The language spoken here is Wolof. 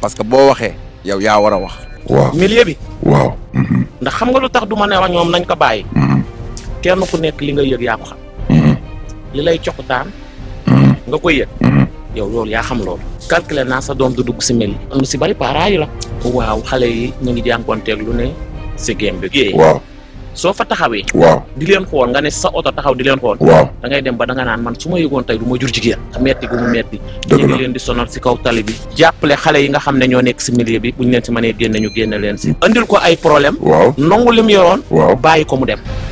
parce que boo waxee yow yaa war a wax. waaw milieu bi. waaw. Mm-hmm. ndax xam nga lu tax du ma ne wax ñoom nañ ko bàyyi. Mm-hmm. kenn ku nekk li nga yëg yaa ko xam. Mm-hmm. li lay coxutaan. nga koy yëg. yow loolu yaa xam loolu. calculer naa sa doom du dugg si mel. si bari paraayu la. waaw xale yi ñu ngi jànkuwanteeg lu ne si game bi. waaw soo fa taxawee. waaw di leen xool nga ne sa oto taxaw di leen xool. waaw da ngay dem ba da nga naan man su ma yëgoon tey du ma jur jigéen. metti gu mu metti. dëgg la leen di sonal si kaw tali bi. jàppale xale yi nga xam ne ñoo nekk si milieu bi bu ñu leen si mënee génne ñu génne leen si. andil ko ay problème. waaw nangu li mu bàyyi ko mu dem.